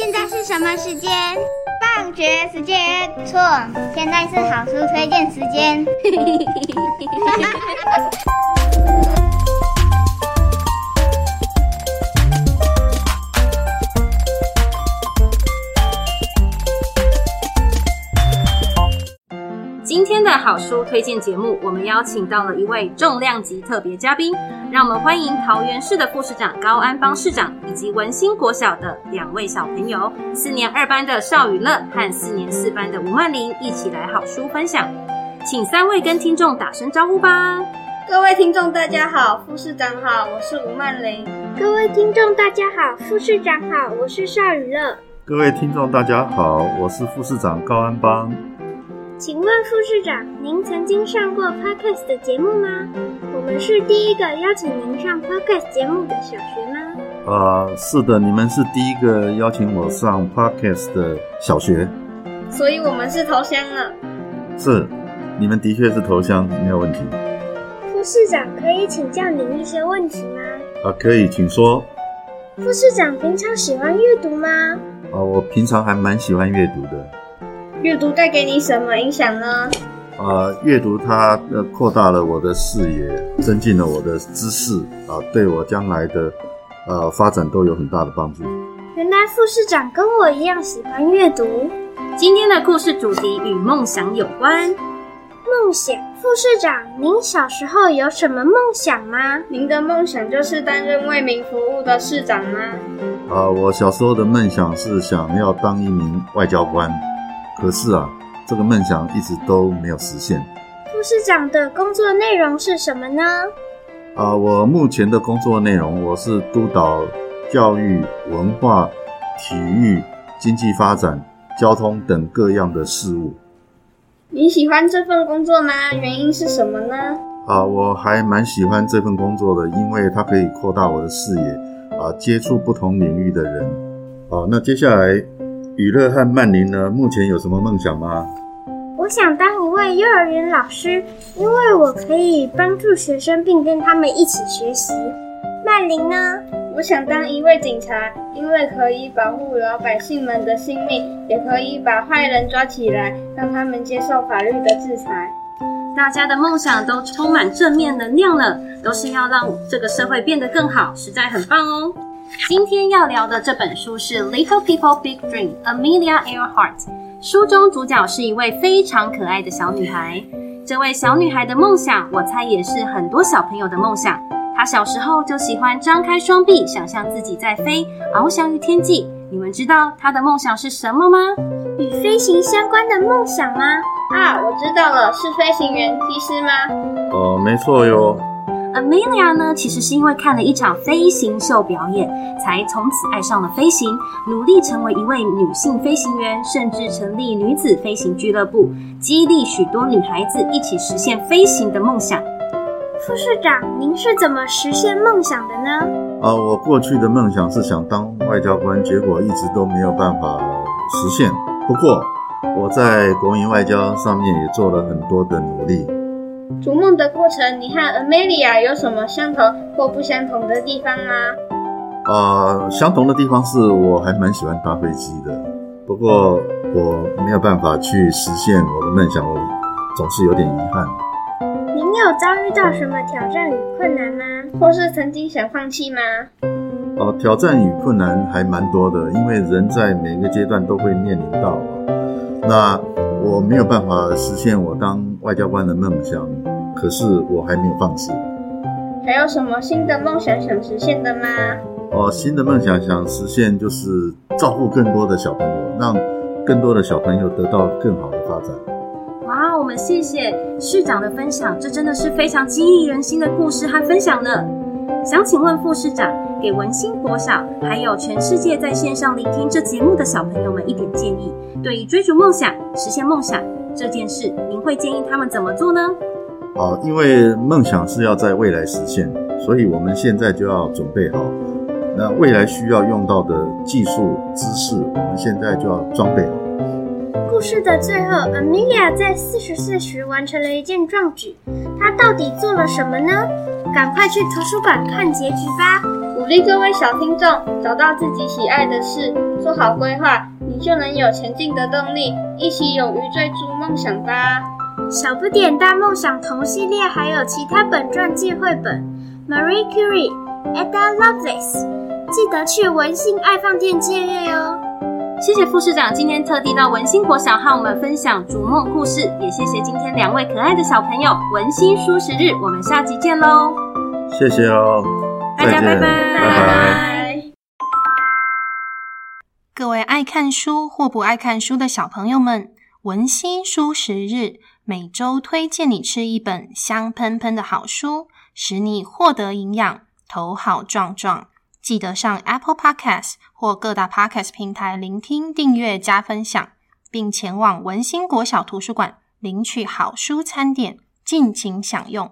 現在是什麼時間？放學時間。錯，現在是好書推薦時間。 今天的好書推薦節目，我們邀請到了一位重量級特別嘉賓，讓我們歡迎桃園市的副市長高安邦市長，以及文欣國小的兩位小朋友，四年二班的邵語樂和四年四班的吳縵翎一起來好書分享，請三位跟聽眾打聲招呼吧。各位聽眾大家好，副市長好，我是吳縵翎。各位聽眾大家好，副市長好，我是邵語樂。各位聽眾大家好，我是副市長高安邦。請問副市長，您曾經上過 Podcast 的節目嗎？我們是第一個邀請您上 Podcast 節目的小學嗎？啊、呃，是的，你們是第一個邀請我上 Podcast 的小學，所以我們是頭香了。是，你們的確是頭香，沒有問題。副市長可以請教您一些問題嗎？啊、呃，可以，請說。副市長平常喜歡閱讀嗎？啊、呃，我平常還蠻喜歡閱讀的。閱讀帶給你什麼影響呢？啊、呃，閱讀它、呃、擴大了我的視野，增進了我的知識啊、呃，對我將來的呃發展都有很大的幫助。原來副市長跟我一樣喜歡閱讀。今天的故事主題與夢想有關。夢想，副市長，您小時候有什麼夢想嗎？您的夢想就是擔任為民服務的市長嗎？啊、呃，我小時候的夢想是想要當一名外交官。可是啊，這個夢想一直都沒有實現。副市長的工作內容是什麼呢？啊，我目前的工作內容，我是督導教育、文化、體育、經濟發展、交通等各樣的事務。你喜歡這份工作嗎？原因是什麼呢？啊，我還蠻喜歡這份工作的，因為它可以擴大我的視野，啊，接觸不同領域的人。啊，那接下來。語樂和縵翎呢？目前有什麼夢想嗎？我想當一位幼兒園老師，因為我可以幫助學生，並跟他們一起學習。縵翎呢？我想當一位警察，因為可以保護老百姓們的性命，也可以把壞人抓起來，讓他們接受法律的制裁。大家的夢想都充滿正面能量了，都是要讓這個社會變得更好，實在很棒哦。今天要聊的這本書是《Little People, Big Dream》, Amelia Earhart。書中主角是一位非常可愛的小女孩，嗯。這位小女孩的夢想，我猜也是很多小朋友的夢想。她小時候就喜歡張開雙臂，想象自己在飛，翱翔於天際。你們知道她的夢想是什麼嗎？與飛行相關的夢想嗎？嗯？啊，我知道了，是飛行員、機師嗎？哦，呃，沒錯喲。呃 Amelia 呢，其實是因為看了一場飛行秀表演，才從此愛上了飛行，努力成為一位女性飛行員，甚至成立女子飛行俱樂部，激勵許多女孩子一起實現飛行的夢想。副市長，您是怎麼實現夢想的呢？啊，我過去的夢想是想當外交官，結果一直都沒有辦法實現。不過，我在國民外交上面也做了很多的努力。逐夢的過程，你和 Amelia 有什麼相同或不相同的地方嗎？呃，相同的地方是我還蠻喜歡搭飛機的，不過我沒有辦法去實現我的夢想，我總是有點遺憾。您、嗯、有遭遇到什麼挑戰與困難嗎？或是曾經想放棄嗎？呃，挑戰與困難還蠻多的，因為人在每個階段都會面臨到。那我沒有辦法實現我當外交官的夢想，可是我還沒有放棄。還有什麼新的夢想想實現的嗎？哦，新的夢想想實現就是照顧更多的小朋友，讓更多的小朋友得到更好的發展。哇，我們謝謝市長的分享，這真的是非常激勵人心的故事和分享呢。想請問副市長，給文欣國小還有全世界在線上聆聽這節目的小朋友們一點建議，對於追逐夢想、實現夢想。這件事，您會建議他們怎麼做呢？哦，因為夢想是要在未來實現，所以我們現在就要準備好，那未來需要用到的技術知識，我們現在就要裝備好。故事的最後，Amelia 在四十歲時完成了一件壯舉，她到底做了什麼呢？趕快去圖書館看結局吧。鼓勵各位小聽眾找到自己喜愛的事，做好規劃，你就能有前進的動力。一起勇於追逐夢想吧，啊！小不點大夢想同系列還有其他本傳記繪本，Marie Curie、Eda Lovelace，記得去文心愛放電借閱哦。謝謝副市長今天特地到文心國小和我們分享逐夢故事，也謝謝今天兩位可愛的小朋友。文心書識日，我們下集見嘍！謝謝哦。大家拜拜，拜拜，拜！各位愛看書或不愛看書的小朋友們，文欣書食日每周推薦你吃一本香噴噴的好書，使你獲得營養，頭好壯壯。記得上 Apple Podcast 或各大 Podcast 平台聆聽、訂閱、加分享，並前往文欣國小圖書館領取好書餐點，盡情享用。